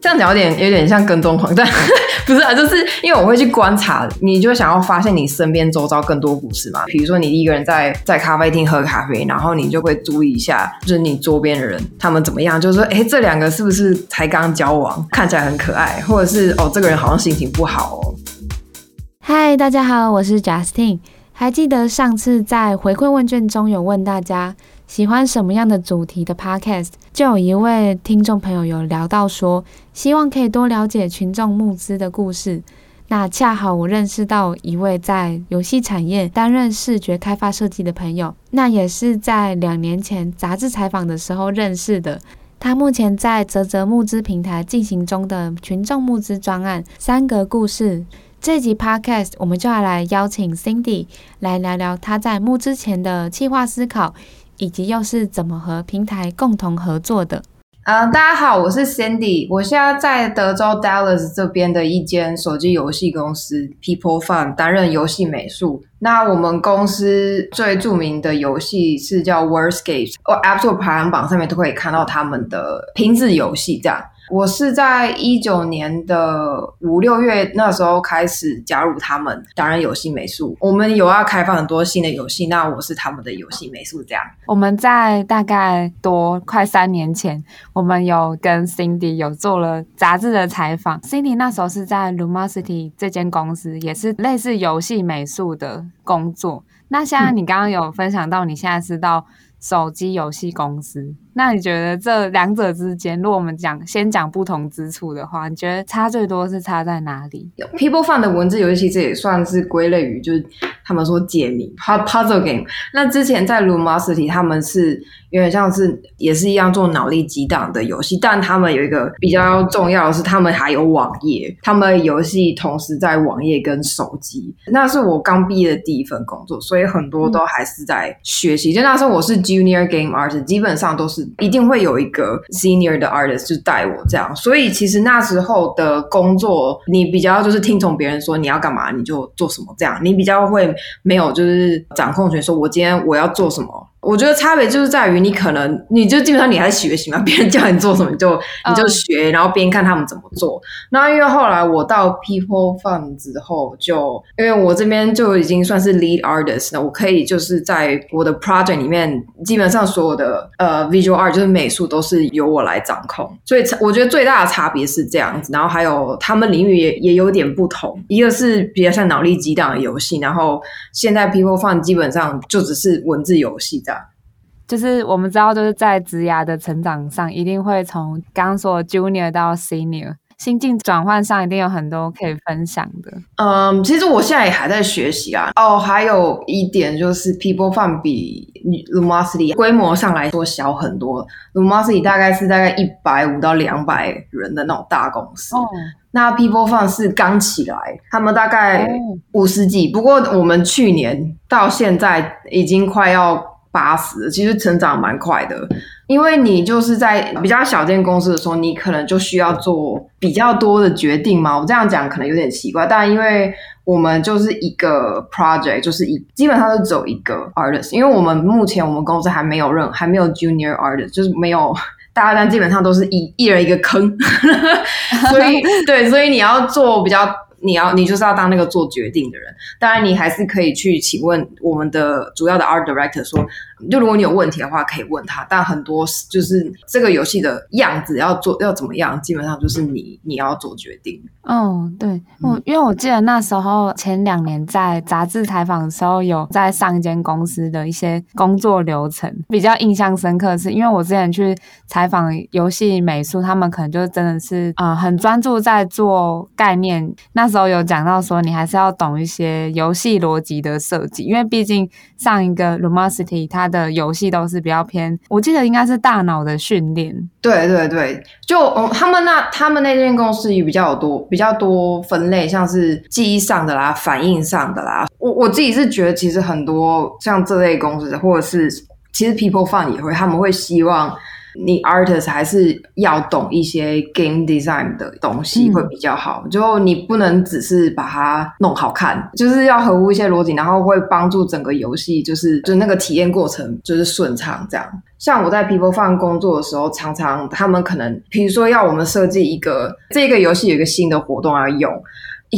這樣講有點有點像跟蹤狂，但不是啊，就是因為我會去觀察，你就想要發現你身邊周遭更多故事嘛。比如說你一個人在在咖啡廳喝咖啡，然後你就會注意一下，就是你桌邊的人他們怎麼樣，就是說，哎，這兩個是不是才剛交往，看起來很可愛，或者是，哦，這個人好像心情不好哦。嗨，大家好，我是 Justin，還記得上次在回饋問卷中有問大家，喜歡什麼樣的主題的 Podcast？就有一位聽眾朋友有聊到說，希望可以多了解群眾募資的故事。那恰好我認識到一位在遊戲產業擔任視覺開發設計的朋友，那也是在兩年前雜誌採訪的時候認識的。他目前在嘖嘖募資平台進行中的群眾募資專案《三格故事》。這集 Podcast，我們就要來邀請 Cindy 來聊聊她在募資前的企劃思考。以及又是怎麼和平台共同合作的？嗯，大家好，我是 Cindy，我現在在德州 Dallas 這邊的一間手機遊戲公司 People Fun 擔任遊戲美術。那我們公司最著名的遊戲是叫 Wordscapes，哦，App Store 排行榜上面都可以看到他們的拼字遊戲這樣。我是在一九年的五六月那時候開始加入他們，擔任遊戲美術，我們有要開放很多新的遊戲，那我是他們的遊戲美術這樣。我們在大概多快三年前，我們有跟 Cindy 有做了雜誌的採訪，Cindy 那時候是在 Lumosity 這間公司，也是類似遊戲美術的工作。那像你剛剛有分享到，你現在是到手機遊戲公司。嗯那你覺得這兩者之間，如果我們講先講不同之處的話，你覺得差最多是差在哪裡 Yo,？People Fun 的文字遊戲其實也算是歸類於，就是他們說解謎，puzzle game。那之前在 r o m a s t y 他們是有點像是也是一樣做腦力激盪的遊戲，但他們有一個比較重要的是，他們還有網頁，他們遊戲同時在網頁跟手機。那是我剛畢業的第一份工作，所以很多都還是在學習。嗯、就那時候我是 Junior Game Artist，基本上都是。一定會有一個 senior 的 artist 就帶我這樣，所以其實那時候的工作，你比較就是聽從別人說你要幹嘛，你就做什麼這樣，你比較會沒有就是掌控權，說我今天我要做什麼。我覺得差別就是在於你可能，你就基本上你還在學習嘛，別人教你做什麼你就、uh. 你就學，然後邊看他們怎麼做。那因為後來我到 PeopleFun 之後就，就因為我這邊就已經算是 Lead Artist 了，我可以就是在我的 Project 裡面，基本上所有的呃、uh, Visual art, 就是美術都是由我來掌控，所以我覺得最大的差別是這樣子。然後還有他們領域也也有點不同，一個是比較像腦力激盪的遊戲，然後現在 PeopleFun 基本上就只是文字遊戲。就是我們知道，就是在職涯的成長上，一定會從剛剛說 junior 到 senior 心境轉換上，一定有很多可以分享的。嗯，其實我現在也還在學習啊。哦，還有一點就是 People Fund 比 Lumosity 規模上來說小很多。Lumosity 大概是大概一百五到兩百人的那種大公司。哦。那 People Fund 是剛起來，他們大概五十幾。哦、不過我們去年到現在已經快要。八十其實成長蠻快的，因為你就是在比較小間公司的時候，你可能就需要做比較多的決定嘛。我這樣講可能有點奇怪，但因為我們就是一個 project，就是一，基本上是走一個 artist，因為我們目前我們公司還沒有任，還沒有 junior artist，就是沒有大家，但基本上都是一一人一個坑， 所以對，所以你要做比較。你要，你就是要當那個做決定的人。當然，你還是可以去請問我們的主要的 art director，說，就如果你有問題的話，可以問他。但很多就是這個遊戲的樣子要做要怎麼樣，基本上就是你你要做決定。哦，對，我因為我記得那時候前兩年在雜志採訪的時候，有在上一間公司的一些工作流程，比較印象深刻的是，因為我之前去採訪遊戲美術，他們可能就真的是啊、呃，很專注在做概念那。時候有講到說，你還是要懂一些遊戲邏輯的設計，因為畢竟上一個 Lumosity 它的遊戲都是比較偏，我記得應該是大腦的訓練。對對對，就他們那，他們那間公司也比較多，比較多分類，像是記憶上的啦、反應上的啦。我我自己是覺得，其實很多像這類公司，或者是其實 People Fun 也會，他們會希望。你 artist 還是要懂一些 game design 的東西會比較好，嗯、就你不能只是把它弄好看，就是要合乎一些邏輯，然後會幫助整個遊戲，就是就那個體驗過程就是順暢這樣。像我在 People Fun 工作的時候，常常他們可能，比如說要我們設計一個這個遊戲有一個新的活動要用。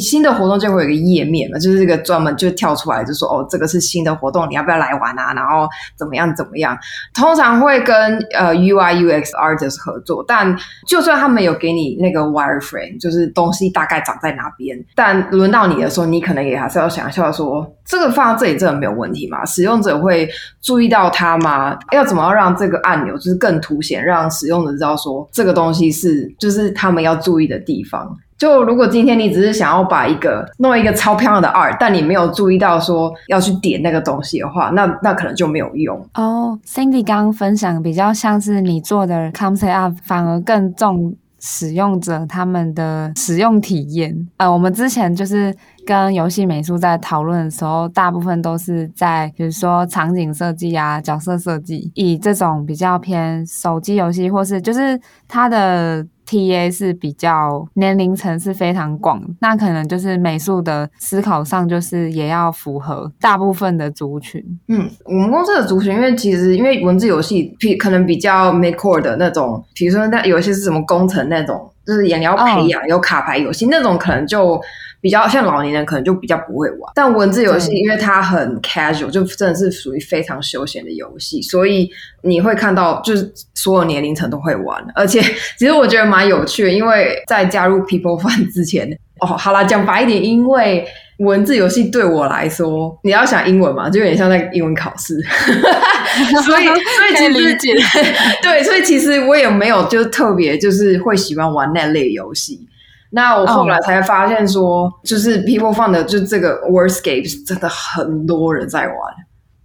新的活動就會有一個頁面嘛，就是這個專門就跳出來就說哦，這個是新的活動，你要不要來玩啊？然後怎麼樣怎麼樣？通常會跟呃，UI UX Artist 就是合作，但就算他們有給你那個 wireframe，就是東西大概長在哪邊，但輪到你的時候，你可能也還是要想一下說，這個放在這裡真的沒有問題嗎？使用者會注意到它嗎？要怎麼樣讓這個按鈕就是更凸顯，讓使用者知道說這個東西是就是他們要注意的地方。就如果今天你只是想要把一個弄一個超漂亮的二，但你沒有注意到說要去點那個東西的話，那那可能就沒有用哦。Oh, Cindy 剛剛分享比較像是你做的 concept up，反而更重使用者他們的使用體驗。呃，我們之前就是跟遊戲美術在討論的時候，大部分都是在比如說場景設計啊、角色設計，以這種比較偏手機遊戲或是就是它的。TA 是比較年齡層是非常廣，那可能就是美術的思考上，就是也要符合大部分的族群。嗯，我們公司的族群，因為其實因為文字遊戲，可能比較 make core 的那種，比如說有些是什麼工程那種。就是也要培養，oh, 有卡牌遊戲那種可能就比較像老年人，可能就比較不會玩。但文字遊戲，因為它很 casual，對就真的是屬於非常休閒的遊戲，所以你會看到就是所有年齡層都會玩。而且其實我覺得蠻有趣的，因為在加入 People Fun 之前，哦，好啦，講白一點，因為。文字遊戲對我來說，你要想英文嘛，就有點像在英文考試， 所以所以其實以 對，所以其實我也沒有就特別就是會喜歡玩那類遊戲。那我後來才發現說，就是 People 放的就這個 Wordscapes 真的很多人在玩。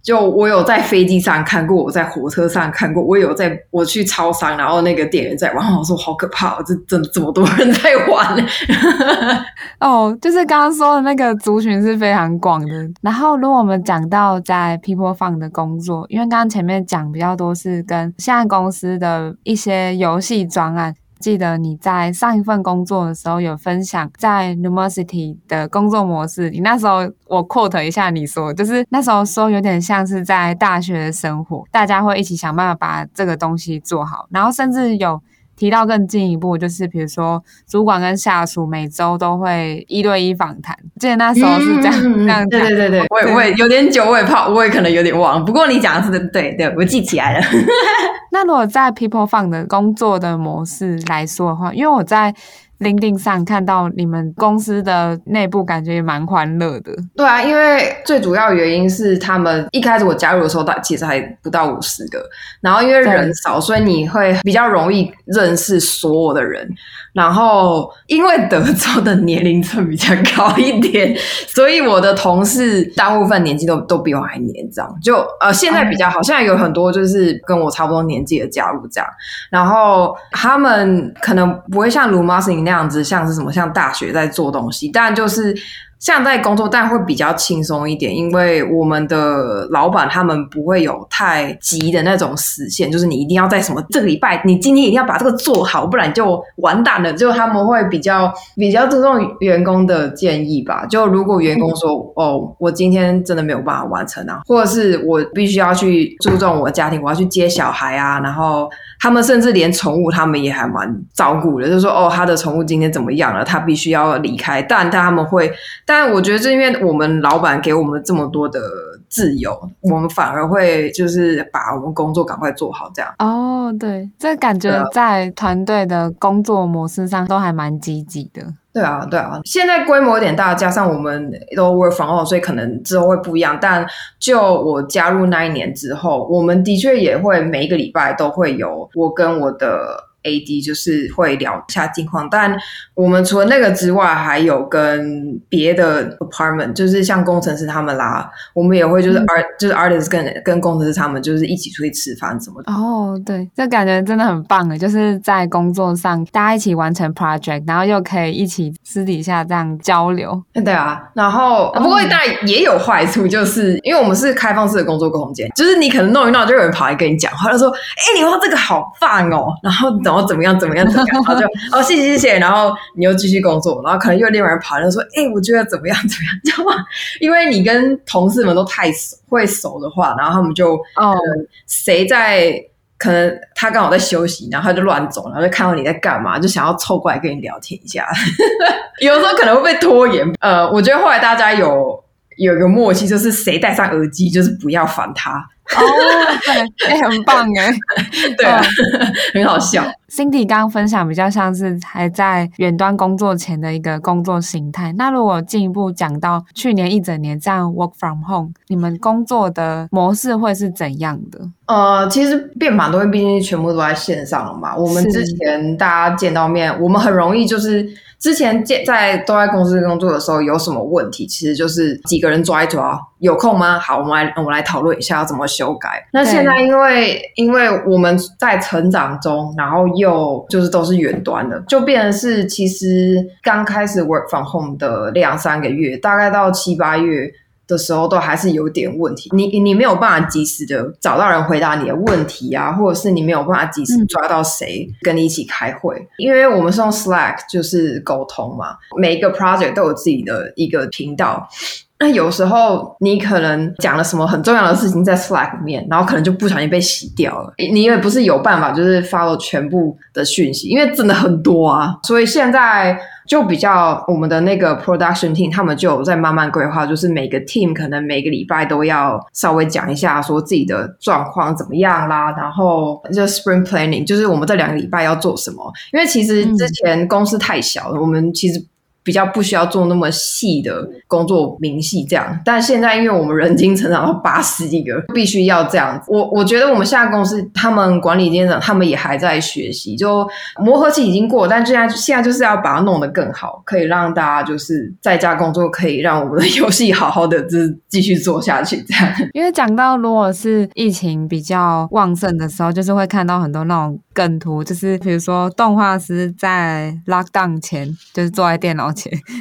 就我有在飛機上看過，我在火車上看過，我有在我去超商，然後那個店員在玩，我說好可怕，這怎麼這麼多人在玩。哦 ，oh, 就是剛剛說的那個族群是非常廣的。 然後如果我們講到在 People Fun 的工作，因為剛剛前面講比較多是跟現在公司的一些遊戲專案。記得你在上一份工作的時候，有分享在 numercity 的工作模式，你那時候我 quote 一下，你說就是那時候說有點像是在大學的生活，大家會一起想辦法把這個東西做好，然後甚至有。提到更進一步，就是比如說主管跟下屬每周都會一對一訪談。記得那時候是這樣、嗯、這樣講。對,對對對，我我也,對我也有點久，我也怕，我也可能有點忘。不過你講的是對，對，我記起來了。 那如果在 People Fun 的工作的模式來說的話，因為我在。LinkedIn 上看到你們公司的內部，感覺也蠻歡樂的。對啊，因為最主要原因是他們一開始我加入的時候，大概其實還不到五十個，然後因為人少，對所以你會比較容易認識所有的人。然後，因為德州的年齡層比較高一點，所以我的同事大部分年紀都都比我還年長。就呃，現在比較好，現在有很多就是跟我差不多年紀的加入這樣。然後他們可能不會像魯馬斯尼那樣子，像是什麼像大學在做東西，但就是。像在工作，但會比較輕鬆一點，因為我們的老闆他們不會有太急的那種時限，就是你一定要在什麼這個禮拜，你今天一定要把這個做好，不然就完蛋了。就他們會比較比較注重員工的建議吧。就如果員工說、嗯、哦，我今天真的沒有辦法完成啊，或者是我必須要去注重我的家庭，我要去接小孩啊，然後他們甚至連寵物，他們也還蠻照顧的，就說哦，他的寵物今天怎麼樣了？他必須要離開，但他們會。但我覺得是因為我們老闆給我們這麼多的自由，我們反而會就是把我們工作趕快做好這樣。哦，對，這感覺在團隊的工作模式上都還蠻積極的。對啊，對啊，現在規模有點大，加上我們都 work from home，所以可能之後會不一樣。但就我加入那一年之後，我們的確也會每一個禮拜都會有我跟我的。A D 就是會聊一下近況，但我們除了那個之外，還有跟別的 apartment，就是像工程師他們啦，我們也會就是 art、嗯、就是 artist 跟跟工程師他們就是一起出去吃飯什麼的。哦，對，這感覺真的很棒的，就是在工作上大家一起完成 project，然後又可以一起私底下這樣交流。對啊，然後，然後、哦、不過但也有壞處，就是因為我們是開放式的工作空間，就是你可能弄一弄就有人跑來跟你講話，他說：“哎、欸，你說這個好棒哦。”然後。然後怎麼樣？怎麼樣怎麼樣，然後就 哦，謝謝謝謝。然後你又繼續工作，然後可能又另外一人跑來，來說：“哎、欸，我覺得怎麼樣怎麼樣？”你知道嗎？因為你跟同事們都太熟，會熟的話，然後他們就哦、呃，誰在？可能他剛好在休息，然後他就亂走，然後就看到你在幹嘛，就想要湊過來跟你聊天一下。 有時候可能會被拖延。呃，我覺得後來大家有有一個默契，就是誰戴上耳機，就是不要煩他。 哦，對，哎、欸，很棒哎，對，哦、 很好笑。Cindy 剛剛分享比較像是還在遠端工作前的一個工作形態。那如果進一步講到去年一整年這樣 work from home，你們工作的模式會是怎樣的？呃，其實變法都會，畢竟全部都在線上了嘛。我們之前大家見到面，是我們很容易就是之前見在都在公司工作的時候有什麼問題，其實就是幾個人抓一抓，有空嗎？好，我們來我們來討論一下要怎麼修改。對那現在因為因為我們在成長中，然後又就是都是遠端的，就變成是，其實剛開始 work from home 的兩三個月，大概到七八月的時候，都還是有點問題。你你沒有辦法及時的找到人回答你的問題啊，或者是你沒有辦法及時抓到誰跟你一起開會，嗯、因為我們是用 Slack 就是溝通嘛，每一個 project 都有自己的一個頻道。那有時候你可能講了什麼很重要的事情在 Slack 裡面，然後可能就不小心被洗掉了。你也不是有辦法，就是 follow 全部的訊息，因為真的很多啊。所以現在就比較我們的那個 production team，他們就有在慢慢規劃，就是每個 team 可能每個禮拜都要稍微講一下，說自己的狀況怎麼樣啦。然後就 sprint planning，就是我們這兩個禮拜要做什麼。因為其實之前公司太小了，嗯、我們其實。比較不需要做那麼細的工作明細這樣，但現在因為我們人均成長到八十幾個，必須要這樣子。我我覺得我們現在公司他們管理階層他們也還在學習，就磨合期已經過，但現在現在就是要把它弄得更好，可以讓大家就是在家工作，可以讓我們的遊戲好好的就是繼續做下去這樣。因為講到如果是疫情比較旺盛的時候，就是會看到很多那種梗圖，就是比如說動畫師在 lockdown 前就是坐在電腦前。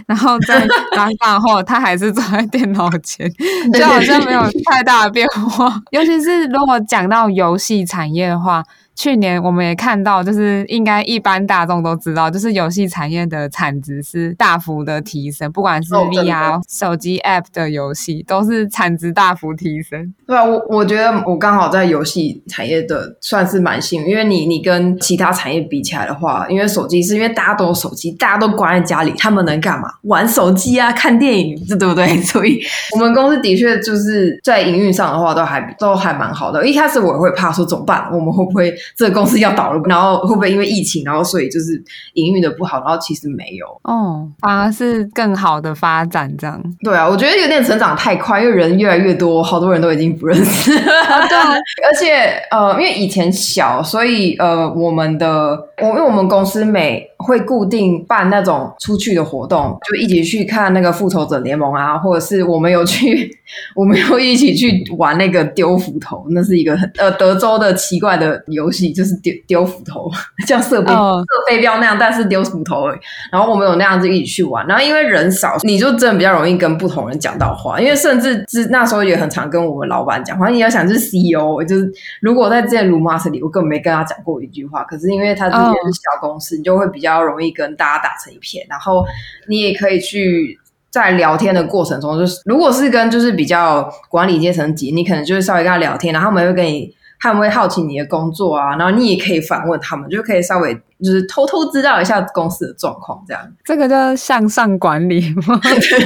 然後在晚飯後， 他還是坐在電腦前， 就好像沒有太大的變化。 尤其是如果講到遊戲產業的話。去年我們也看到，就是應該一般大眾都知道，就是遊戲產業的產值是大幅的提升，不管是 VR、哦、手機 App 的遊戲，都是產值大幅提升。對啊，我我覺得我剛好在遊戲產業的算是蠻幸運，因為你你跟其他產業比起來的話，因為手機是因為大家都有手機，大家都關在家裡，他們能幹嘛？玩手機啊，看電影，這對不對？所以我們公司的確就是在營運上的話，都還都還蠻好的。一開始我也會怕說怎麼辦，我們會不會？這個公司要倒了，然後會不會因為疫情，然後所以就是營運的不好，然後其實沒有哦，反、啊、而是更好的發展這樣。對啊，我覺得有點成長太快，因為人越來越多，好多人都已經不認識了。啊、對， 而且呃，因為以前小，所以呃，我們的我因為我們公司每。會固定辦那種出去的活動，就一起去看那個復仇者聯盟啊，或者是我們有去，我們有一起去玩那個丟斧頭，那是一個很呃德州的奇怪的遊戲，就是丟丟斧頭，像射飛射、oh. 飛鏢那樣，但是丟斧頭。然後我們有那樣子一起去玩。然後因為人少，你就真的比較容易跟不同人講到話。因為甚至是那時候也很常跟我們老板講話。你要想，是 CEO，就是 CEO，、就是、如果在之前盧馬斯裡，我根本沒跟他講過一句話。可是因為他之前是小公司，oh. 你就會比較。比較容易跟大家打成一片，然後你也可以去在聊天的過程中，就是如果是跟就是比較管理階層級，你可能就是稍微跟他聊天，然後他們會跟你，他們會好奇你的工作啊，然後你也可以反問他們，就可以稍微。就是偷偷知道一下公司的狀況，這樣。這個叫向上管理嗎？ 對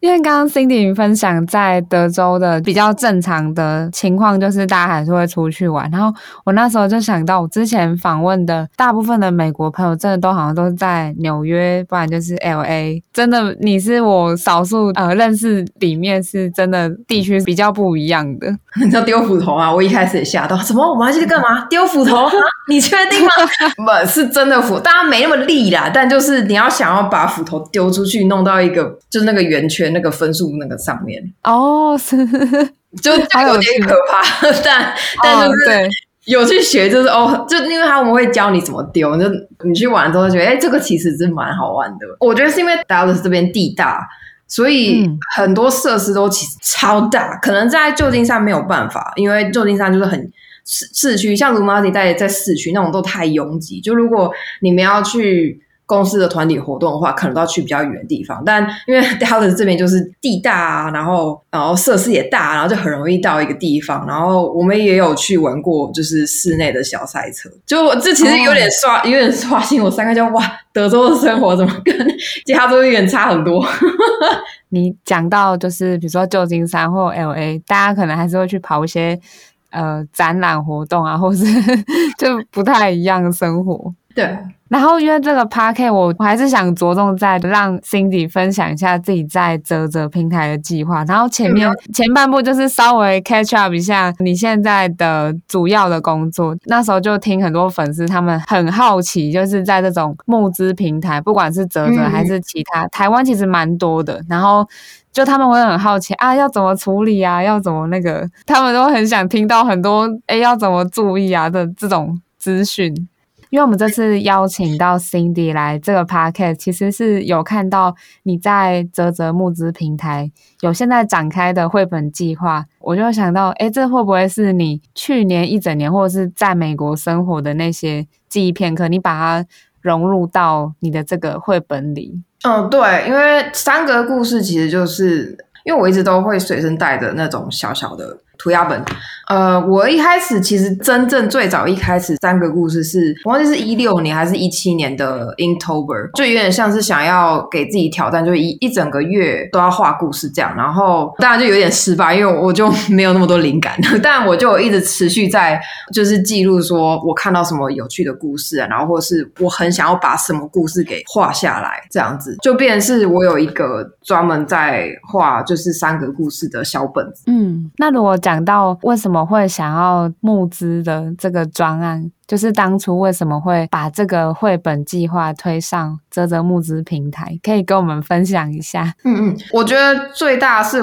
因為剛剛 Cindy 分享在德州的比較正常的情況，就是大家還是會出去玩。然後我那時候就想到，我之前訪問的大部分的美國朋友，真的都好像都是在紐約，不然就是 LA。真的，你是我少數呃認識裡面是真的地區比較不一樣的。 你知道丟斧頭啊？我一開始也嚇到，什麼？我們還去幹嘛？丟斧頭 啊？你去。 那地方不是真的斧，大家沒那麼利啦。但就是你要想要把斧頭丟出去，弄到一個就是那個圓圈那個分數那個上面哦，是、oh, 就，就就有點可怕。但、oh, 但就是有去學，就是對哦，就因為他們會教你怎麼丟，就你去玩都會覺得哎、欸，這個其實是蠻好玩的。我覺得是因為達拉斯這邊地大，所以很多設施都其實超大，嗯、可能在舊金山沒有辦法，因為舊金山就是很。市市區像如馬蒂在在市區那種都太擁擠，就如果你們要去公司的團體活動的話，可能都要去比較遠的地方。但因為大哈德這邊就是地大啊，然後然後設施也大，然後就很容易到一個地方。然後我們也有去玩過，就是室內的小賽車。就這其實有點刷，嗯嗯有點刷新我三個就哇，德州的生活怎麼跟其他州有點差很多。 你講到就是比如說舊金山或 L A，大家可能還是會去跑一些。呃，展覽活動啊，或是 就不太一樣的生活。對，然後因為這個 Podcast 我我還是想着重在讓 Cindy 分享一下自己在嘖嘖平台的計劃。然後前面前半部就是稍微 catch up 一下你現在的主要的工作。那時候就聽很多粉絲他們很好奇，就是在這種募資平台，不管是嘖嘖還是其他，嗯、台灣其實蠻多的。然後。就他們會很好奇啊，要怎麼處理啊，要怎麼那個，他們都很想聽到很多誒、欸、要怎麼注意啊的這種資訊。因為我們這次邀請到 Cindy 來這個 podcast 其實是有看到你在嘖嘖募資平台有現在展開的繪本計劃，我就想到，誒、欸、這會不會是你去年一整年或者是在美國生活的那些記憶片刻，你把它。融入到你的這個繪本裡，嗯，對，因為三格故事其實就是，因為我一直都會隨身帶着那種小小的。塗鴉本，呃，我一開始其實真正最早一開始三個故事是，我忘記是一六年還是一七年的 Inktober，就有點像是想要給自己挑戰，就是一一整個月都要畫故事這樣，然後當然就有點失敗，因為我就沒有那麼多靈感。但我就一直持續在就是記錄，說我看到什麼有趣的故事啊，然後或者是我很想要把什麼故事給畫下來這樣子，就變成是我有一個專門在畫就是三個故事的小本子。嗯，那如果講。想到為什麼會想要募資的這個專案，就是當初為什麼會把這個繪本計劃推上嘖嘖募資平台，可以跟我們分享一下？嗯嗯，我覺得最大是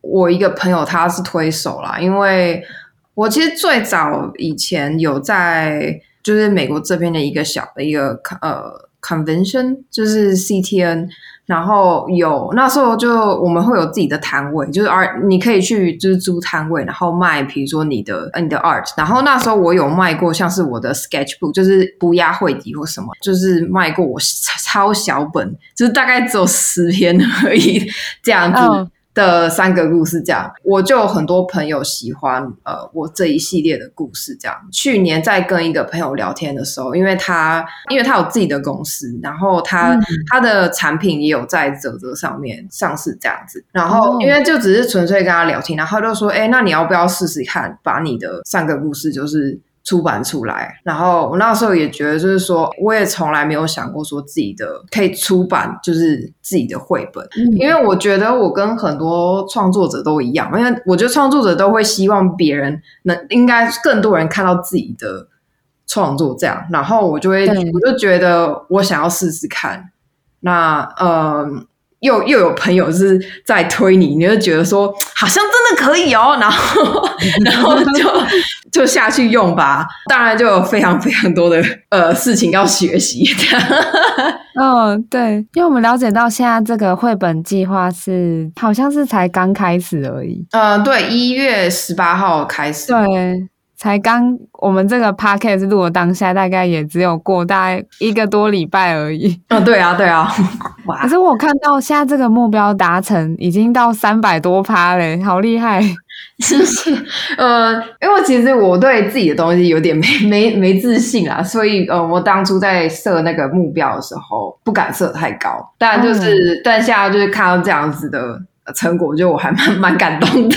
我一個朋友他是推手啦，因為我其實最早以前有在就是美國這邊的一個小的一個呃 convention，就是 CTN，然後有那時候就我們會有自己的攤位，就是而你可以去就是租攤位，然後賣，比如說你的你的 art。然後那時候我有賣過像是我的 sketchbook，就是塗鴉繪集或什麼，就是賣過我超小本，就是大概只有十篇而已這樣子。Oh. 的三個故事，這樣，我就有很多朋友喜歡呃，我這一系列的故事。這樣去年在跟一個朋友聊天的時候，因為他因為他有自己的公司，然後他、嗯、他的產品也有在嘖嘖上面上市這樣子，然後因為就只是純粹跟他聊天，哦、然後就說，哎，那你要不要試試看，把你的三個故事就是。出版出來，然後我那時候也覺得，就是說，我也從來沒有想過說自己的可以出版，就是自己的繪本，因為我覺得我跟很多創作者都一樣，因為我覺得創作者都會希望別人能，應該更多人看到自己的創作，這樣，然後我就會，對我就覺得我想要試試看，那嗯。呃又又有朋友是在推你，你就覺得說好像真的可以哦，然後然後就就下去用吧。當然就有非常非常多的呃事情要學習。嗯、哦，對，因為我們了解到現在這個繪本計劃是好像是才剛開始而已。呃、嗯，對，一月十八號開始。對。才剛我們這個 Podcast 錄的當下，大概也只有過大概一個多禮拜而已。哦，對啊，對啊。哇！可是我看到現在這個目標達成，已經到三百多趴嘞，好厲害！其實，呃，因為其實我對自己的東西有點沒沒沒自信啊，所以呃，我當初在設那個目標的時候，不敢設太高。但就是，嗯，但現在就是看到這樣子的。成果，就我還蠻蠻感動的。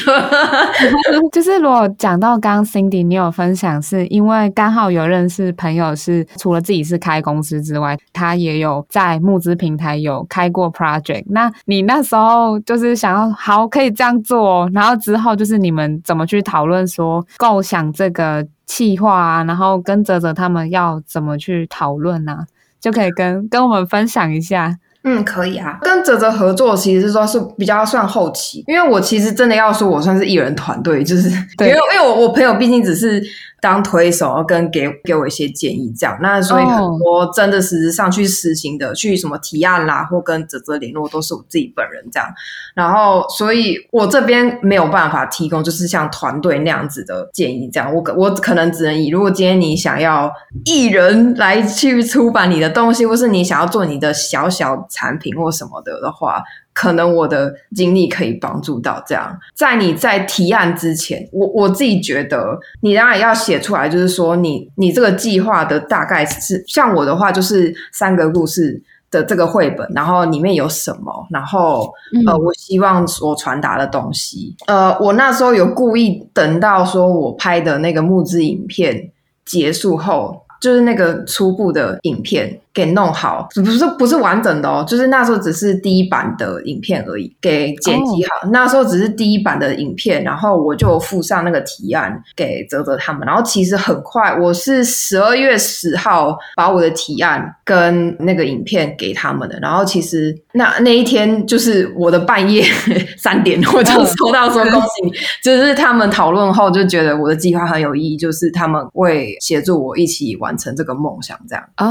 就是如果講到剛剛 Cindy，你有分享是因為剛好有認識朋友，是除了自己是開公司之外，他也有在募資平台有開過 project。那你那時候就是想要好可以這樣做哦，然後之後就是你們怎麼去討論說構想這個企劃啊，然後跟嘖嘖他們要怎麼去討論啊，就可以跟跟我們分享一下。嗯，可以啊。跟嘖嘖合作，其實是說是比較算後期，因為我其實真的要說，我算是一人團隊，就是因為對因為我我朋友畢竟只是當推手，跟給給我一些建議這樣。那所以很多真的實質上去實行的，oh. 去什麼提案啦，或跟嘖嘖聯絡，都是我自己本人這樣。然後，所以我這邊沒有辦法提供，就是像團隊那樣子的建議這樣。我我可能只能以，如果今天你想要一人來去出版你的東西，或是你想要做你的小小。產品或什麼的的話，可能我的經歷可以幫助到這樣。在你在提案之前，我我自己覺得你當然要寫出來，就是說你你這個計劃的大概是，像我的話，就是三個故事的這個繪本，然後裡面有什麼，然後呃，我希望所傳達的東西。嗯、呃，我那時候有故意等到說我拍的那個募資影片結束後，就是那個初步的影片。給弄好，不是不是完整的哦，就是那時候只是第一版的影片而已，給剪輯好。Oh. 那時候只是第一版的影片，然後我就附上那個提案給嘖嘖他們。然後其實很快，我是十二月十號把我的提案跟那個影片給他們的。然後其實那那一天就是我的半夜 三點，我就收到說恭喜你，oh. 就是他們討論後就覺得我的計劃很有意義，就是他們會協助我一起完成這個夢想，這樣哦。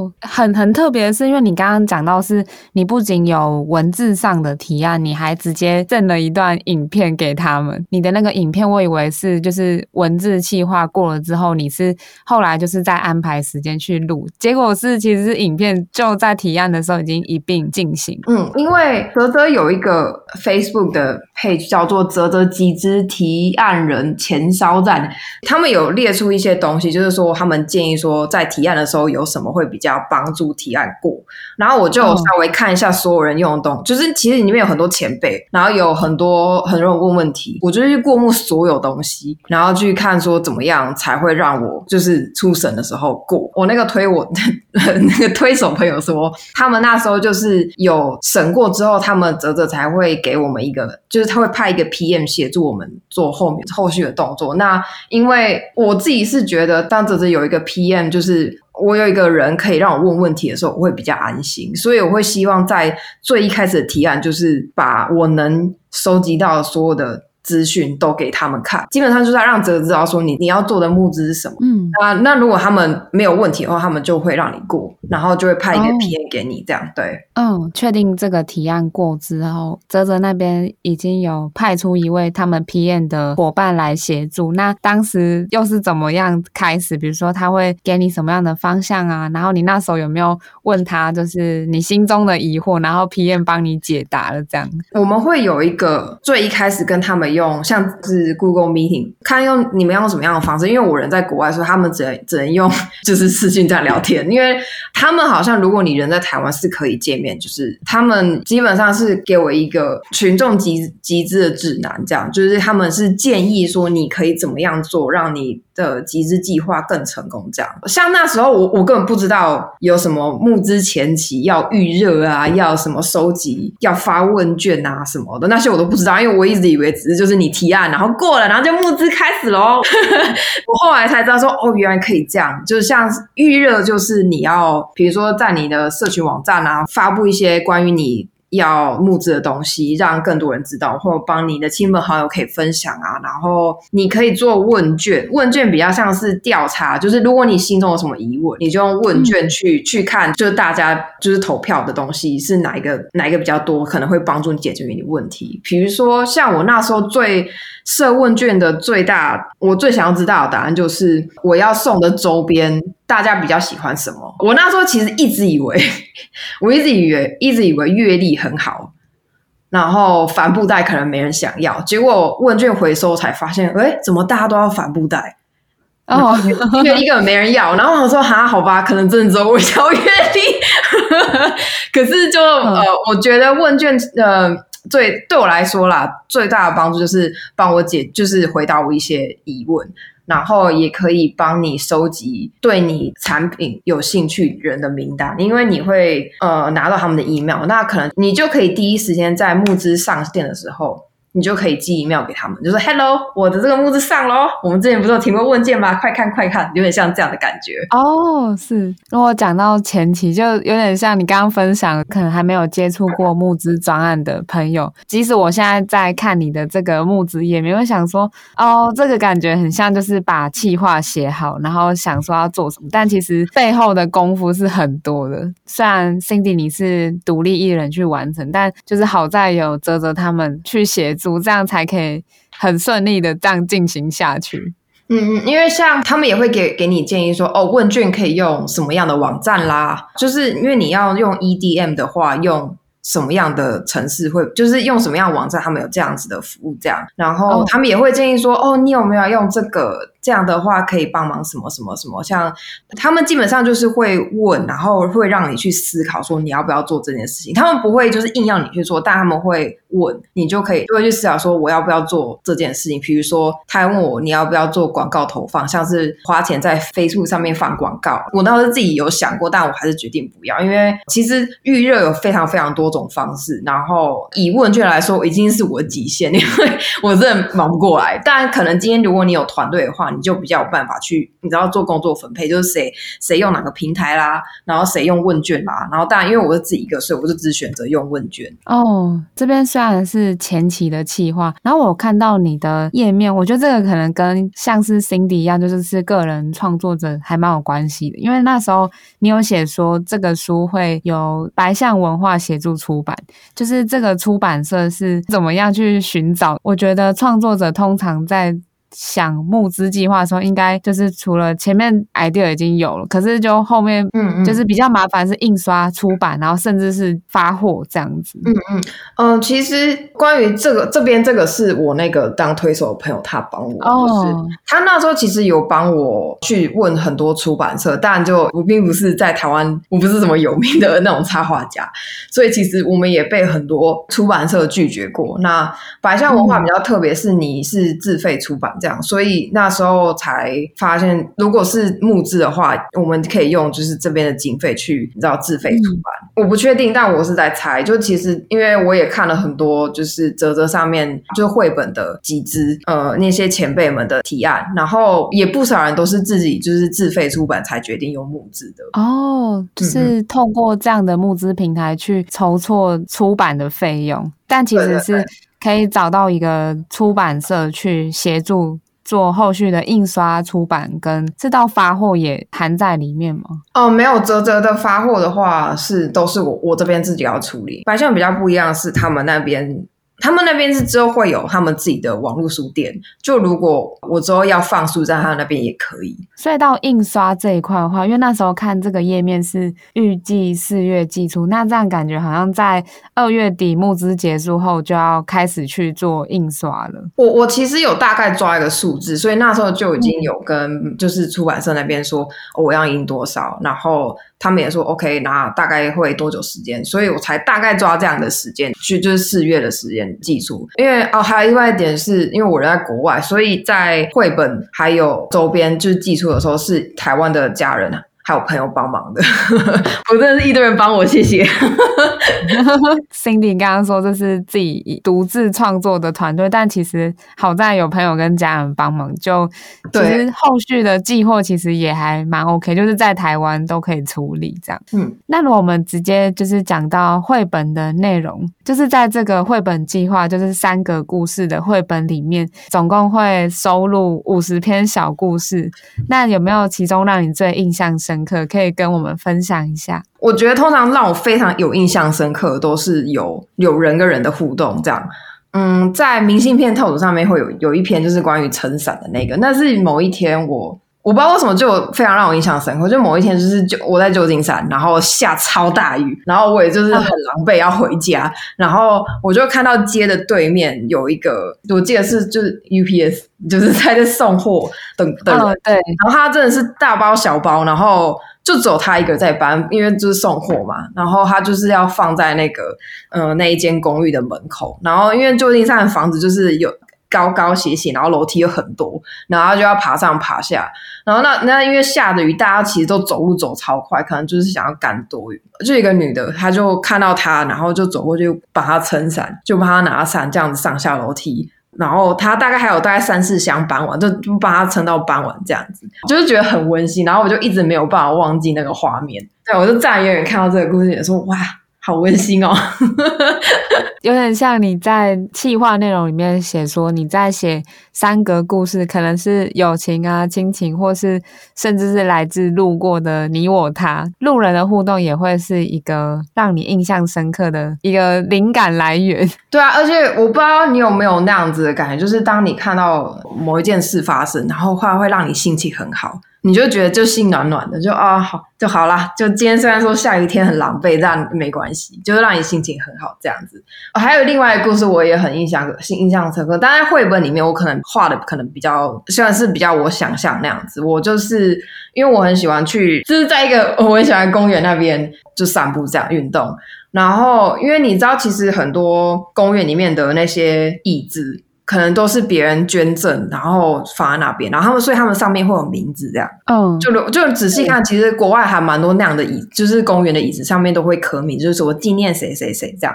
Oh. 很很特別的是，因為你剛剛講到，是你不僅有文字上的提案，你還直接贈了一段影片給他們。你的那個影片，我以為是就是文字企劃過了之後，你是後來就是在安排時間去錄，結果是其實是影片就在提案的時候已經一併進行。嗯，因為嘖嘖有一個 Facebook 的 page 叫做“嘖嘖集資提案人前哨站”，他們有列出一些東西，就是說他們建議說在提案的時候有什麼會比較。幫助提案過，然後我就稍微看一下所有人用的東，嗯、就是其實裡面有很多前輩，然後有很多很多人問問題，我就去過目所有東西，然後去看說怎麼樣才會讓我就是初審的時候過。我那個推我 那個推手朋友說，他們那時候就是有審過之後，他們嘖嘖才會給我們一個，就是他會派一個 PM 協助我們做後面後續的動作。那因為我自己是覺得，當嘖嘖有一個 PM 就是。我有一個人可以讓我問問題的時候，我會比較安心。所以我會希望在最一開始的提案，就是把我能收集到所有的，資訊都給他們看，基本上就是要讓嘖嘖知道說，你你要做的募資是什麼。嗯啊，那如果他們沒有問題的話，他們就會讓你過，然後就會派一個 PM、哦、給你這樣。對，嗯，確定這個提案過之後，嘖嘖那邊已經有派出一位他們 PM 的夥伴來協助。那當時又是怎麼樣開始？比如說他會給你什麼樣的方向啊？然後你那時候有沒有問他，就是你心中的疑惑，然後 PM 幫你解答了這樣？我們會有一個最一開始跟他們。用像是 Google Meeting，看用你們要用什麼樣的方式，因為我人在國外，所以他們只能只能用就是私信這樣聊天。因為他們好像如果你人在台灣是可以見面，就是他們基本上是給我一個群眾集集資的指南，這樣就是他們是建議說你可以怎麼樣做，讓你的集資計劃更成功。這樣像那時候我我根本不知道有什麼募資前期要預熱啊，要什麼收集，要發問卷啊什麼的那些我都不知道，因為我一直以為只是。就是你提案，然後過了，然後就募資開始嘍。 我後來才知道說，哦，原來可以這樣。就是像預熱，就是你要，比如說在你的社群網站啊，發布一些關於你，要募資的東西，讓更多人知道，或者幫你的親朋好友可以分享啊。然後你可以做問卷，問卷比較像是調查，就是如果你心中有什麼疑問，你就用問卷去、嗯、去看，就是大家就是投票的東西是哪一個哪一個比較多，可能會幫助你解決你的問題。比如說像我那時候最設問卷的最大，我最想要知道的答案就是我要送的周邊。大家比較喜歡什麼？我那時候其實一直以為，我一直以為，一直以為月曆很好，然後帆布袋可能沒人想要。結果問卷回收才發現，誒、欸、怎麼大家都要帆布袋？月曆根本沒人要。然後我說，哈，好吧，可能真的我要月曆。可是就呃，我覺得問卷呃最對，對我來說啦，最大的幫助就是幫我解，就是回答我一些疑問。然後也可以幫你收集對你產品有興趣的人的名單，因為你會呃拿到他們的 email，那可能你就可以第一時間在募資上線的時候。你就可以寄 email 給他們，就說 “Hello，我的這個募資上咯，我們之前不是有提過問卷嗎？快看快看，有點像這樣的感覺哦。是。我講到前期，就有點像你剛剛分享，可能還沒有接觸過募資專案的朋友，即使我現在在看你的這個募資也沒有想說哦，這個感覺很像就是把企劃寫好，然後想說要做什麼，但其實背後的功夫是很多的。雖然 Cindy 你是獨立一人去完成，但就是好在有嘖嘖他們去寫。足這樣才可以很順利的這樣進行下去。嗯嗯，因為像他們也會給給你建議說，哦，問卷可以用什麼樣的網站啦？就是因為你要用 EDM 的話，用什麼樣的城市會，就是用什麼樣的網站，他們有這樣子的服務。這樣，然後他們也會建議說，哦，你有沒有用這個？這樣的話可以幫忙什麼什麼什麼，像他們基本上就是會問，然後會讓你去思考說你要不要做這件事情。他們不會就是硬要你去做，但他們會問你，就可以就會去思考說我要不要做這件事情。比如說，他還問我，你要不要做廣告投放，像是花錢在 Facebook 上面放廣告。我倒是自己有想過，但我還是決定不要，因為其實預熱有非常非常多種方式。然後以問卷來說，已經是我的極限，因為我真的忙不過來。但可能今天如果你有團隊的話。你就比較有辦法去，你知道做工作分配就是誰誰用哪個平台啦，然後誰用問卷啦，然後當然因為我是自己一個，所以我就只選擇用問卷。哦，這邊雖然是前期的企劃，然後我看到你的頁面，我覺得這個可能跟像是 Cindy 一樣，就是是個人創作者還蠻有關係的，因為那時候你有寫說這個書會由白象文化協助出版，就是這個出版社是怎麼樣去尋找？我覺得創作者通常在。想募資計劃的時候，應該就是除了前面 idea 已經有了，可是就後面，嗯嗯，嗯就是比較麻煩是印刷出版，然後甚至是發貨這樣子。嗯嗯嗯,嗯，其實關於這個這邊這個是我那個當推手的朋友他幫我，哦、就是他那時候其實有幫我去問很多出版社，但就我並不是在台灣，我不是什麼有名的那種插畫家，所以其實我們也被很多出版社拒絕過。那白象文化比較特別，是你是自費出版。嗯這樣，所以那時候才發現，如果是募資的話，我們可以用就是這邊的經費去，你知道，自費出版。嗯、我不確定，但我是在猜。就其實，因為我也看了很多，就是嘖嘖上面，就是繪本的集資，呃，那些前輩們的提案，然後也不少人都是自己就是自費出版才決定用募資的。哦，就是通過這樣的募資平台去籌措出版的費用，嗯嗯，但其實是嗯嗯。可以找到一個出版社去協助做後續的印刷出版，跟這道發貨也含在裡面嗎？哦，沒有，嘖嘖的發貨的話是都是我我這邊自己要處理。白象比較不一樣是他們那邊。他們那邊是之後會有他們自己的網絡書店就如果我之後要放書在他那邊也可以。所以到印刷這一塊的話，因為那時候看這個頁面是預計四月寄出，那這樣感覺好像在二月底募資結束後就要開始去做印刷了。我我其實有大概抓一個數字，所以那時候就已經有跟就是出版社那邊說，嗯，哦，我要印多少，然後，他們也說 OK，然後大概會多久時間？所以我才大概抓這樣的時間去，就是四月的時間寄出。因為哦，還有另外一點是，因為我人在國外，所以在繪本還有周邊就是寄出的時候是台灣的家人啊。還有朋友幫忙的，我 真的是一堆人幫我，謝謝。 Cindy 剛剛說這是自己獨自創作的團隊，但其實好在有朋友跟家人幫忙，就對其實後續的計劃其實也還蠻 OK，就是在台灣都可以處理這樣。嗯，那如果我們直接就是講到繪本的內容，就是在這個繪本計劃，就是三格故事的繪本裡面，總共會收錄五十篇小故事。那有沒有其中讓你最印象深刻？可可以跟我們分享一下？我覺得通常讓我非常有印象深刻的，都是有有人跟人的互動這樣。嗯，在明信片套組上面會有有一篇，就是關於撐傘的那個，那是某一天我。我不知道為什麼就非常讓我印象深刻。就某一天，就是就我在舊金山，然後下超大雨，然後我也就是很狼狽要回家，然後我就看到街的對面有一個，我記得是就是 UPS，就是在那送貨，等等、嗯，對。然後他真的是大包小包，然後就只有他一個在搬，因為就是送貨嘛，然後他就是要放在那個嗯、呃、那一間公寓的門口，然後因為舊金山的房子就是有。高高斜斜，然後樓梯又很多，然後就要爬上爬下。然後那那因為下的雨，大家其實都走路走超快，可能就是想要趕多雨。就一個女的，她就看到她，然後就走過去，幫她撐傘，就幫她拿傘這樣子上下樓梯。然後她大概還有大概三四箱搬完，就就把她撐到搬完這樣子，就是覺得很溫馨。然後我就一直沒有辦法忘記那個畫面。對，我就站遠遠看到這個故事也說哇！好溫馨哦，有點像你在企劃內容裡面寫說你在寫三格故事，可能是友情啊、親情，或是甚至是來自路過的你我他，路人的互動也會是一個讓你印象深刻的一個靈感來源。對啊，而且我不知道你有沒有那樣子的感覺，就是當你看到某一件事發生，然後話會讓你心情很好。你就覺得就心暖暖的，就啊好就好啦。就今天雖然說下雨天很狼狽，但沒關係，就是讓你心情很好這樣子。哦，還有另外一個故事，我也很印象，印象深刻。但在繪本裡面我可能畫的可能比較，雖然是比較我想象那樣子。我就是因為我很喜歡去，就是在一個我很喜歡公園那邊就散步這樣運動。然後因為你知道，其實很多公園裡面的那些椅子。可能都是別人捐贈，然後放在那邊，然後他們所以他們上面會有名字這樣，oh. 就就仔細看，oh. 其實國外還蠻多那樣的椅，就是公園的椅子上面都會刻名，就是我紀念誰誰誰這樣。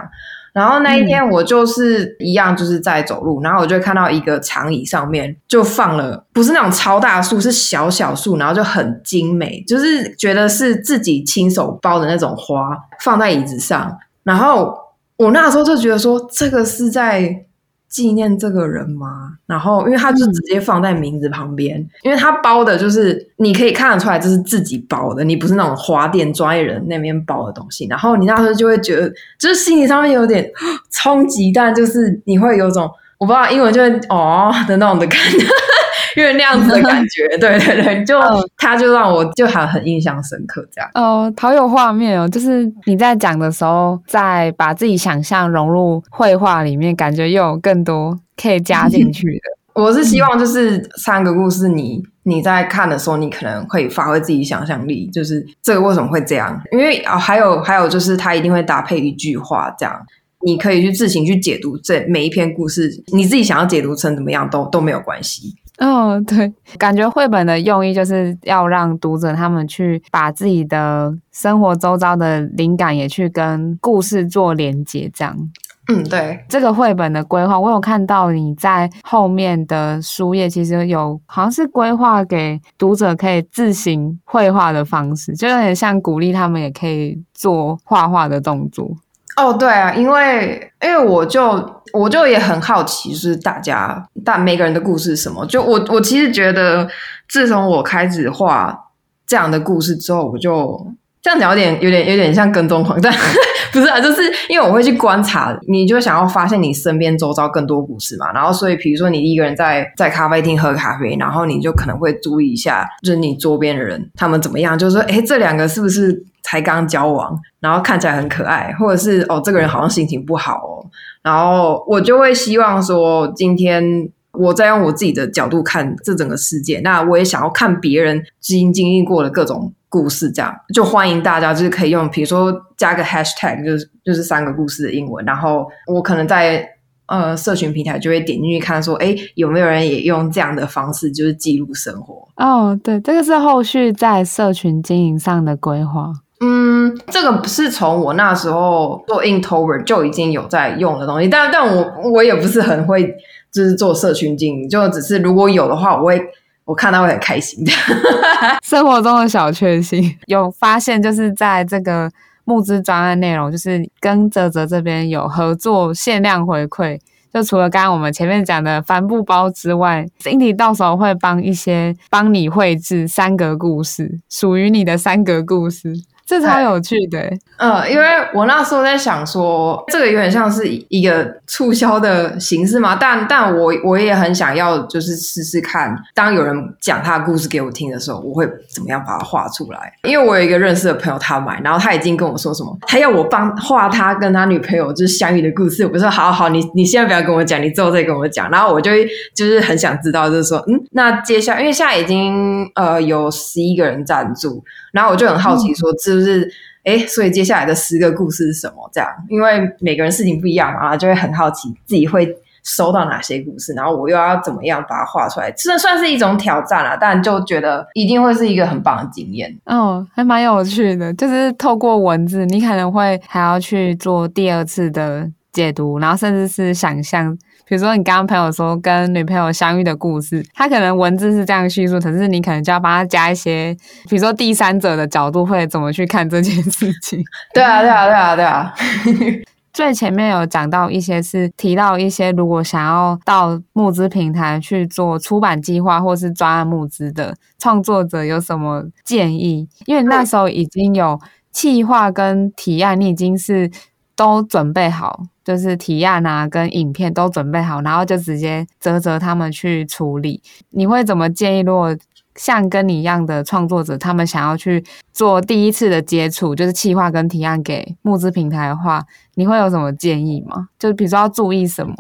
然後那一天我就是一樣，就是在走路，嗯、然後我就看到一個長椅上面就放了，不是那種超大束，是小小束，然後就很精美，就是覺得是自己親手包的那種花放在椅子上，然後我那時候就覺得說這個是在。紀念這個人嗎？然後，因為他就直接放在名字旁邊，嗯、因為他包的就是你可以看得出來，就是自己包的，你不是那種花店專業人那邊包的東西。然後你那時候就會覺得，就是心理上面有點、哦、衝擊，但就是你會有種我不知道英文就會哦的那種的感覺。 因為那樣子的感覺，對對對，就、嗯、他就讓我就好很印象深刻這樣。哦，好有畫面哦，就是你在講的時候，在把自己想象融入繪畫裡面，感覺又有更多可以加進去的。我是希望就是三格故事你，你、嗯、你在看的時候，你可能會發揮自己想象力，就是這個為什麼會這樣？因為哦，還有還有就是，它一定會搭配一句話，這樣你可以去自行去解讀這每一篇故事，你自己想要解讀成怎麼樣都都沒有關係。嗯、哦，對，感覺繪本的用意就是要讓讀者他們去把自己的生活周遭的靈感也去跟故事做連接，這樣。嗯，對，這個繪本的規劃，我有看到你在後面的書頁，其實有，好像是規劃給讀者可以自行繪畫的方式，就有點像鼓勵他們也可以做畫畫的動作。哦，oh, 對啊，因為因為我就我就也很好奇，就是大家但每個人的故事是什麼？就我我其實覺得，自從我開始畫這樣的故事之後，我就這樣講有點有點有點像跟蹤狂，但不是啊，就是因為我會去觀察，你就想要發現你身邊周遭更多故事嘛。然後，所以比如說你一個人在在咖啡廳喝咖啡，然後你就可能會注意一下，就是你桌邊的人他們怎麼樣，就是說，哎，這兩個是不是？才剛交往，然後看起來很可愛，或者是哦，這個人好像心情不好哦。然後我就會希望說，今天我在用我自己的角度看這整個世界，那我也想要看別人經經歷過的各種故事。這樣就歡迎大家，就是可以用，比如說加個 hashtag，就是就是三個故事的英文。然後我可能在呃社群平台就會點進去看說，說誒有沒有人也用這樣的方式，就是記錄生活？哦，oh, 對，這個是後續在社群經營上的規劃。這個不是從我那時候做 intower 就已經有在用的東西，但但我我也不是很會，就是做社群經營，就只是如果有的話，我會我看到會很開心。生活中的小確幸，有發現就是在這個募資專案內容，就是跟嘖嘖這邊有合作限量回饋，就除了剛剛我們前面講的帆布包之外，Cindy 到時候會幫一些幫你繪製三格故事，屬於你的三格故事。這超有趣的，欸，嗯、呃，因為我那時候在想說，這個有點像是一個促銷的形式嘛，但但我我也很想要，就是試試看，當有人講他的故事給我聽的時候，我會怎麼樣把它畫出來？因為我有一個認識的朋友，他買，然後他已經跟我說什麼，他要我幫畫他跟他女朋友就是相遇的故事。我說：好好，你你現在不要跟我講，你之後再跟我講。然後我就就是很想知道，就是說，嗯，那接下來，因為現在已經呃有十一個人贊助，然後我就很好奇說這。嗯就是，哎，所以接下來的十個故事是什麼？這樣，因為每個人事情不一樣嘛，就會很好奇自己會收到哪些故事，然後我又要怎麼樣把它畫出來？這算是一種挑戰啊，但就覺得一定會是一個很棒的經驗。哦，還蠻有趣的，就是透過文字，你可能會還要去做第二次的解讀，然後甚至是想象。比如說，你剛剛朋友說，跟女朋友相遇的故事，她可能文字是這樣敘述，可是你可能就要幫她加一些，比如說第三者的角度會怎麼去看這件事情。對啊，對啊，對啊，對啊。 最前面有講到一些，是提到一些，如果想要到募資平台去做出版計劃，或是專案募資的創作者有什麼建議？因為那時候已經有企劃跟提案，嗯、你已經是。都準備好，就是提案啊跟影片都準備好，然後就直接嘖嘖他們去處理。你會怎麼建議？如果像跟你一樣的創作者，他們想要去做第一次的接觸，就是企劃跟提案給募資平台的話，你會有什麼建議嗎？就比如說要注意什麼？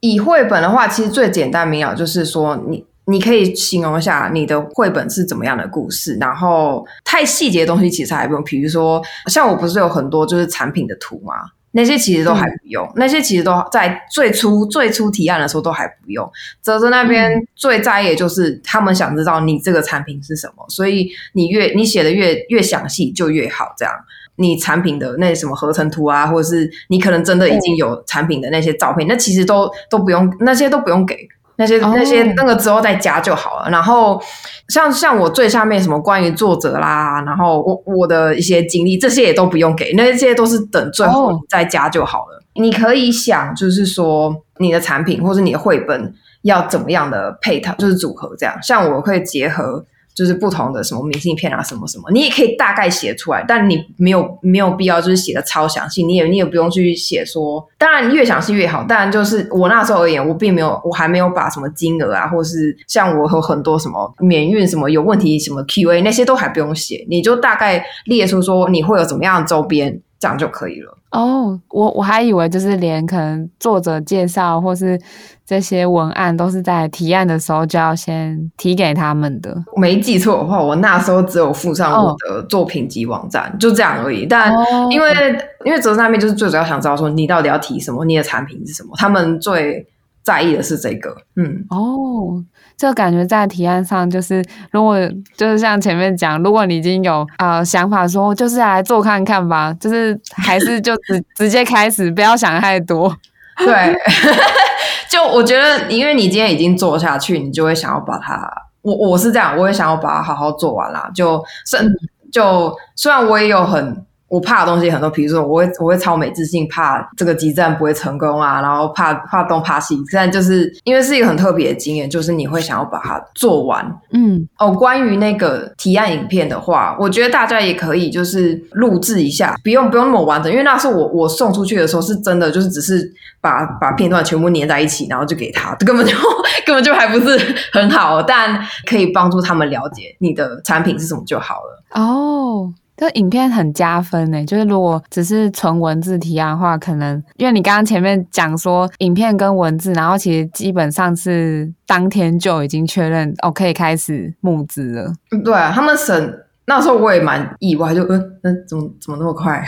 以繪本的話，其實最簡單明了就是說，你你可以形容一下你的繪本是怎麼樣的故事，然後太細節的東西其實還不用。比如說像我不是有很多就是產品的圖嗎？那些其實都還不用，嗯、那些其實都在最初最初提案的時候都還不用。嘖嘖那邊最在意就是他們想知道你這個產品是什麼，嗯、所以你越你寫的越越詳細就越好。這樣，你產品的那什麼合成圖啊，或者是你可能真的已經有產品的那些照片，嗯、那其實都都不用，那些都不用給。那些、oh. 那些那個之後再加就好了。然後像像我最下面什麼關於作者啦，然後我我的一些經歷，這些也都不用給，那些都是等最後再加就好了。Oh. 你可以想，就是說你的產品或者你的繪本要怎麼樣的配套，就是組合這樣。像我可以結合。就是不同的什麼明信片啊，什麼什麼，你也可以大概寫出來，但你沒有沒有必要就是寫的超詳細，你也你也不用去寫說，當然越詳細越好，當然就是我那時候而言，我並沒有，我還沒有把什麼金額啊，或者是像我有很多什麼免運什麼有問題什麼 Q A 那些都還不用寫，你就大概列出說你會有怎麼樣的周邊。這樣就可以了哦，oh, 我我還以為就是連可能作者介紹或是這些文案都是在提案的時候就要先提給他們的。沒記錯的話，我那時候只有附上我的作品及網站，oh. 就這樣而已。但因為、oh. 因為嘖嘖那就是最主要想知道說你到底要提什麼，你的產品是什麼，他們最在意的是這個。嗯，哦。Oh. 就感覺在提案上，就是如果就是像前面講，如果你已經有啊、呃、想法，說就是來做看看吧，就是還是就直 直接開始，不要想太多。 對， 就我覺得，因為你今天已經做下去，你就會想要把它。我我是這樣，我也想要把它好好做完啦。就，雖就雖然我也有很。我怕的東西很多，比如說我會我會超沒自信，怕這個集資不會成功啊，然後怕怕東怕西。但就是因為是一個很特別的經驗，就是你會想要把它做完。嗯哦，關於那個提案影片的話，我覺得大家也可以就是錄制一下，不用不用那麼完整，因為那時候我我送出去的時候是真的，就是只是把把片段全部粘在一起，然後就給他，根本就根本就還不是很好，但可以幫助他們了解你的產品是什麼就好了。哦。這影片很加分呢。欸，就是如果只是純文字提案的話，可能因為你剛剛前面講說影片跟文字，然後其實基本上是當天就已經確認，哦，可以開始募資了。對啊，他們審，那時候我也蠻意外，我還就嗯，那、欸、怎麼、怎麼那麼快啊？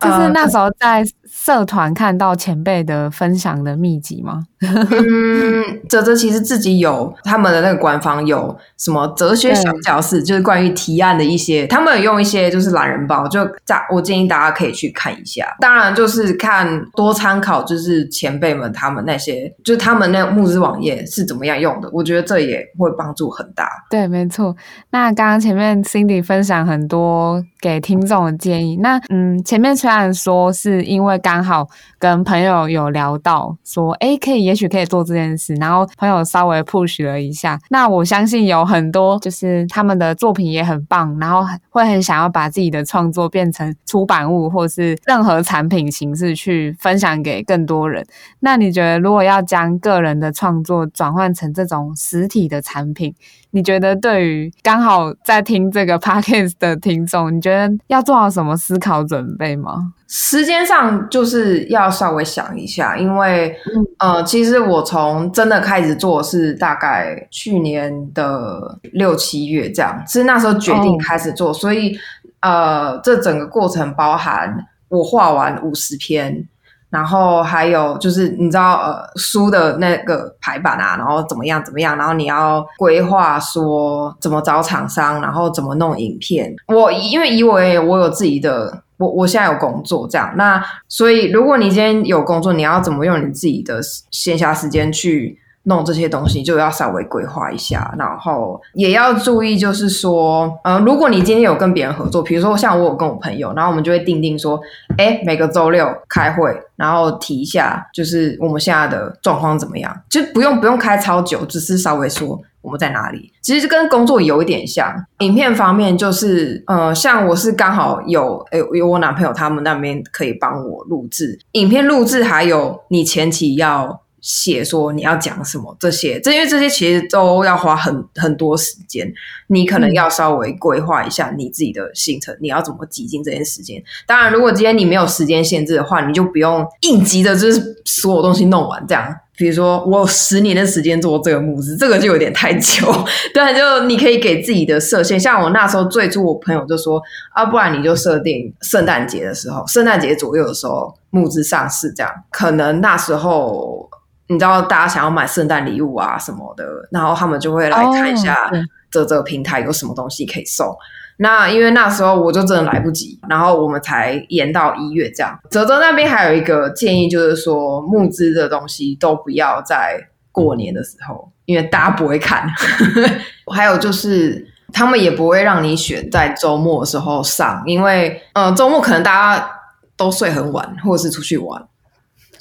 就是那時候在社團看到前輩的分享的秘籍嗎？ 嗯，嘖嘖其實自己有他們的那個官方有什麼哲學小教室，對就是關於提案的一些，他們有用一些就是懶人包，就在我建議大家可以去看一下。當然就是看多參考，就是前輩們他們那些，就是他們那募資網頁是怎麼樣用的，我覺得這也會幫助很大。對，沒錯。那剛剛前面 Cindy 分享很多。給聽眾的建議，那嗯，前面雖然說是因為剛好跟朋友有聊到說，說誒可以，也許可以做這件事，然後朋友稍微 push 了一下。那我相信有很多就是他們的作品也很棒，然後會很想要把自己的創作變成出版物或是任何產品形式去分享給更多人。那你覺得，如果要將個人的創作轉換成這種實體的產品，你覺得對於剛好在聽這個 podcast 的聽眾，你覺得？要做好什麼思考準備嗎？時間上就是要稍微想一下，因為、嗯、呃，其實我從真的開始做是大概去年的六七月這樣，是那時候決定開始做，嗯、所以呃，這整個過程包含我畫完五十篇。然後還有就是，你知道呃，書的那個排版啊，然後怎麼樣怎麼樣，然後你要規劃說怎麼找廠商，然後怎麼弄影片。我因為以為我有自己的，我我現在有工作這樣，那所以如果你今天有工作，你要怎麼用你自己的閒暇時間去？弄這些東西就要稍微規劃一下，然後也要注意，就是說，呃，如果你今天有跟別人合作，比如說像我有跟我朋友，然後我們就會訂定說，哎，每個周六開會，然後提一下，就是我們現在的狀況怎麼樣，就不用不用開超久，只是稍微說我們在哪裡。其實跟工作有一點像，影片方面就是，呃，像我是剛好有，哎，有我男朋友他們那邊可以幫我錄制影片錄制，還有你前期要。寫說你要講什麼這些，這些這些其實都要花很很多時間，你可能要稍微規劃一下你自己的行程，你要怎麼擠進這些時間。當然，如果今天你沒有時間限制的話，你就不用應急的。就是所有東西弄完這樣。比如說，我有十年的時間做這個募資，這個就有點太久。當然，就你可以給自己的設限。像我那時候最初，我朋友就說啊，不然你就設定聖誕節的時候，聖誕節左右的時候募資上市這樣，可能那時候。你知道大家想要買聖誕禮物啊什麼的，然後他們就會來看一下嗯，嘖嘖平台有什麼東西可以送。Oh, yes. 那因為那時候我就真的來不及，然後我們才延到一月這樣。嘖嘖那邊還有一個建議就是說，募資的東西都不要在過年的時候，因為大家不會看。 還有就是他們也不會讓你選在週末的時候上，因為呃週末可能大家都睡很晚，或者是出去玩。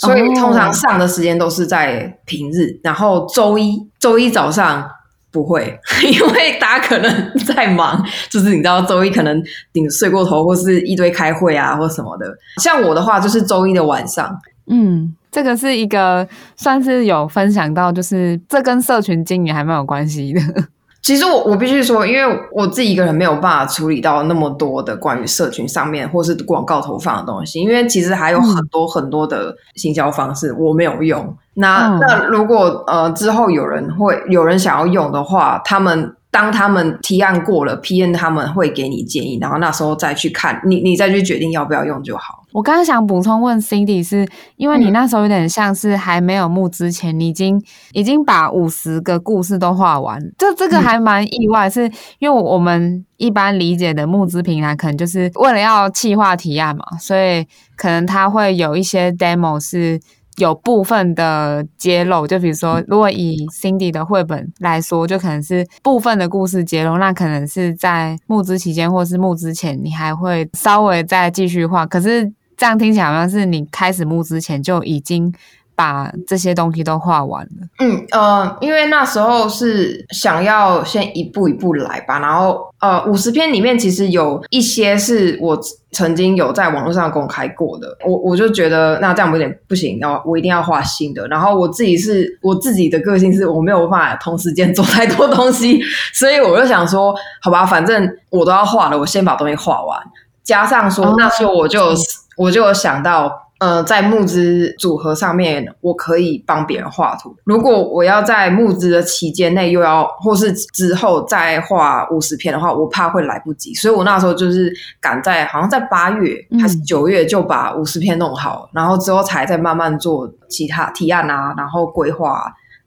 所以通常上的時間都是在平日，Okay, okay. 然後週一，週一早上不會，因為大家可能在忙，就是你知道週一可能頂睡過頭，或是一堆開會啊，或什麼的。像我的話就是週一的晚上，嗯，這個是一個算是有分享到，就是這跟社群經營還蠻有關係的。其實我我必須說，因為我自己一個人沒有辦法處理到那麼多的關於社群上面或是廣告投放的東西，因為其實還有很多很多的行銷方式我沒有用。嗯、那那如果呃之後有人會有人想要用的話，他們當他們提案過了 PN 他們會給你建議，然後那時候再去看你你再去決定要不要用就好。我剛剛想補充問 Cindy，是因為你那時候有點像是還沒有募之前，你已經已經把五十個故事都畫完，這這個還蠻意外，是因為我們一般理解的募資平台，可能就是為了要企劃提案嘛，所以可能他會有一些 demo 是有部分的揭露，就比如說，如果以 Cindy 的繪本來說，就可能是部分的故事揭露，那可能是在募資期間或是募之前，你還會稍微再繼續畫，可是，這樣聽起來好像是你開始募之前就已經把這些東西都畫完了。嗯呃，因為那時候是想要先一步一步來吧，然後呃五十篇裡面其實有一些是我曾經有在網絡上公開過的，我我就覺得那這樣有點不行，然後我一定要畫新的。然後我自己是我自己的個性是我沒有辦法同時間做太多東西，所以我就想說好吧，反正我都要畫了，我先把東西畫完，加上說、哦、那時候我就、嗯。我就想到，呃，在募資組合上面，我可以幫別人畫圖。如果我要在募資的期間內又要，或是之後再畫五十篇的話，我怕會來不及。所以我那時候就是趕在好像在八月還是九月就把五十篇弄好，嗯，然後之後才再慢慢做其他提案啊，然後規劃啊。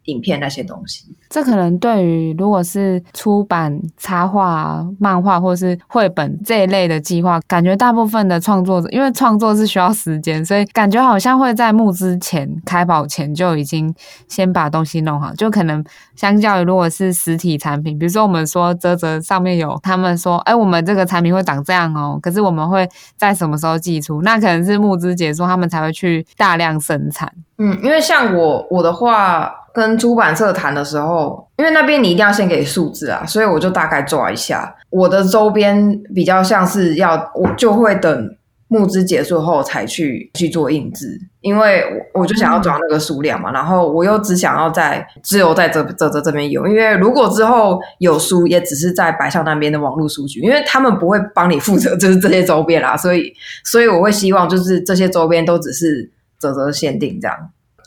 影片那些東西，這可能對於如果是出版插畫、漫畫或是繪本這一類的計劃，感覺大部分的創作者，因為創作是需要時間，所以感覺好像會在募資前開跑前就已經先把東西弄好。就可能相較於如果是實體產品，比如說我們說嘖嘖上面有他們說，哎，我們這個產品會長這樣哦，可是我們會在什麼時候寄出？那可能是募資結束，他們才會去大量生產。嗯，因為像我，我的話跟出版社談的時候，因為那邊你一定要先給數字啊，所以我就大概抓一下我的周邊比較像是要，我就會等募資結束後才去去做印製，因為我，我就想要抓那個數量嘛，嗯、然後我又只想要在只有在這這這，這邊有，因為如果之後有書也只是在白象那邊的網絡書局，因為他們不會幫你負責就是這些周邊啦，所以所以我會希望就是這些周邊都只是。嘖嘖限定這樣，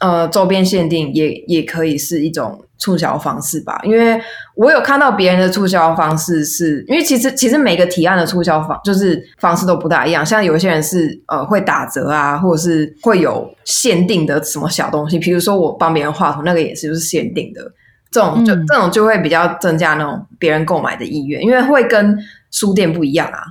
呃，周邊限定也也可以是一種促銷方式吧。因為我有看到別人的促銷方式是，是因為其實其實每個提案的促銷方就是方式都不大一樣。像有些人是呃會打折啊，或者是會有限定的什麼小東西。比如說我幫別人畫圖，那個也是不是限定的，這種就、嗯、這種就會比較增加那種別人購買的意願，因為會跟書店不一樣啊。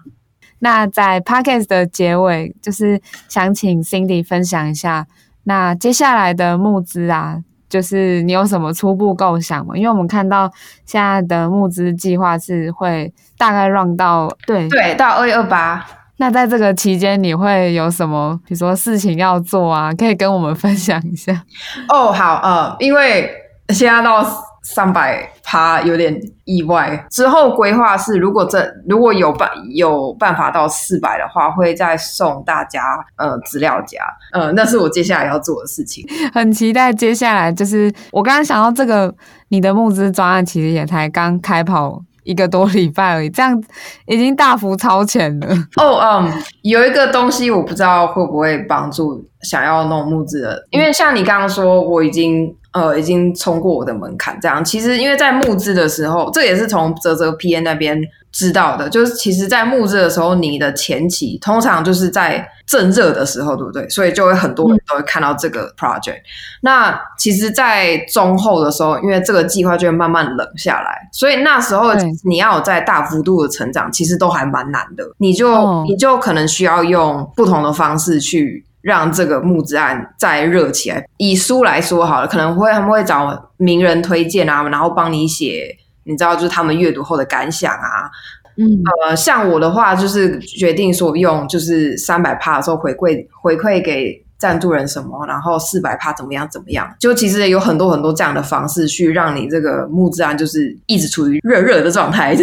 那在 Podcast 的結尾，就是想請 Cindy 分享一下，那接下來的募資啊，就是你有什麼初步構想嗎？因為我們看到現在的募資計劃是會大概 run 到，對，對，到二月二八，那在這個期間你會有什麼比如說事情要做啊？可以跟我們分享一下。哦，好，呃，因為現在到。三百趴有點意外，之後規劃是如果這如果有辦有辦法到四百的話，會再送大家呃資料夾，呃，呃那是我接下來要做的事情，很期待接下來就是我剛剛想到這個你的募資專案其實也才剛開跑一個多禮拜而已，這樣已經大幅超前了哦，嗯，oh, um, 有一個東西我不知道會不會幫助想要弄募資的，因為像你剛剛說我已經。呃，已經衝過我的門檻，這樣其實因為在募資的時候，這也是從嘖嘖 PN 那邊知道的，就是其實，在募資的時候，你的前期通常就是在正熱的時候，對不對？所以就會很多人都會看到這個 project。嗯、那其實，在中後的時候，因為這個計劃就會慢慢冷下來，所以那時候你要有在大幅度的成長，對其實都還蠻難的。你就、哦、你就可能需要用不同的方式去。讓這個募資案再熱起來。以書來說好了，可能會他們會找名人推薦啊，然後幫你寫，你知道，就是他們閱讀後的感想啊。嗯，呃，像我的話，就是決定說用，就是三百趴的時候回饋回饋給。贊助人什麼，然後四百趴怎麼樣？怎麼樣？就其實有很多很多這樣的方式去讓你這個募資案，就是一直處於熱熱的狀態，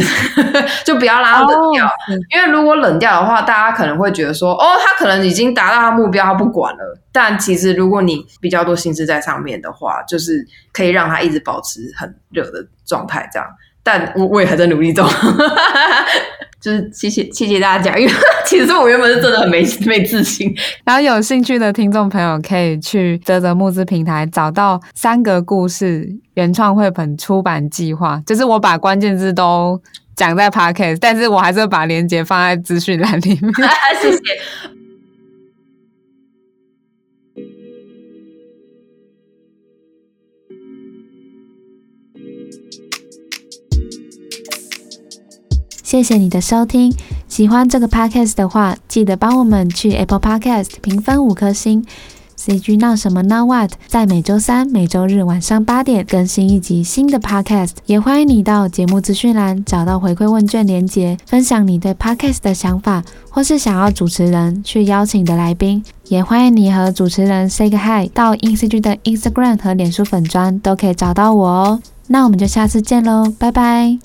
就不要讓它冷掉。哦、因為如果冷掉的話，大家可能會覺得說，哦，他可能已經達到他目標，他不管了。但其實如果你比較多心思在上面的話，就是可以讓它一直保持很熱的狀態，這樣。但我我也還在努力中， 就是謝謝謝謝大家，因為其實我原本是真的很沒沒自信。然後有興趣的聽眾朋友可以去嘖嘖募資平台找到《三格故事》原創繪本出版計劃，就是我把關鍵字都講在 Podcast，但是我還是把鏈接放在資訊欄裡面。 謝謝。謝謝你的收聽，喜歡這個 podcast 的話，記得幫我們去 Apple Podcast 評分五顆星。CG 鬧什麼？鬧 what？在每周三、每周日晚上八點更新一集新的 podcast。也歡迎你到節目資訊欄找到回饋問卷連結，分享你對 podcast 的想法，或是想要主持人去邀請的來賓。也歡迎你和主持人 say 個 hi。到 INCG 的 Instagram 和臉書粉專都可以找到我哦。那我們就下次見嘍，拜拜。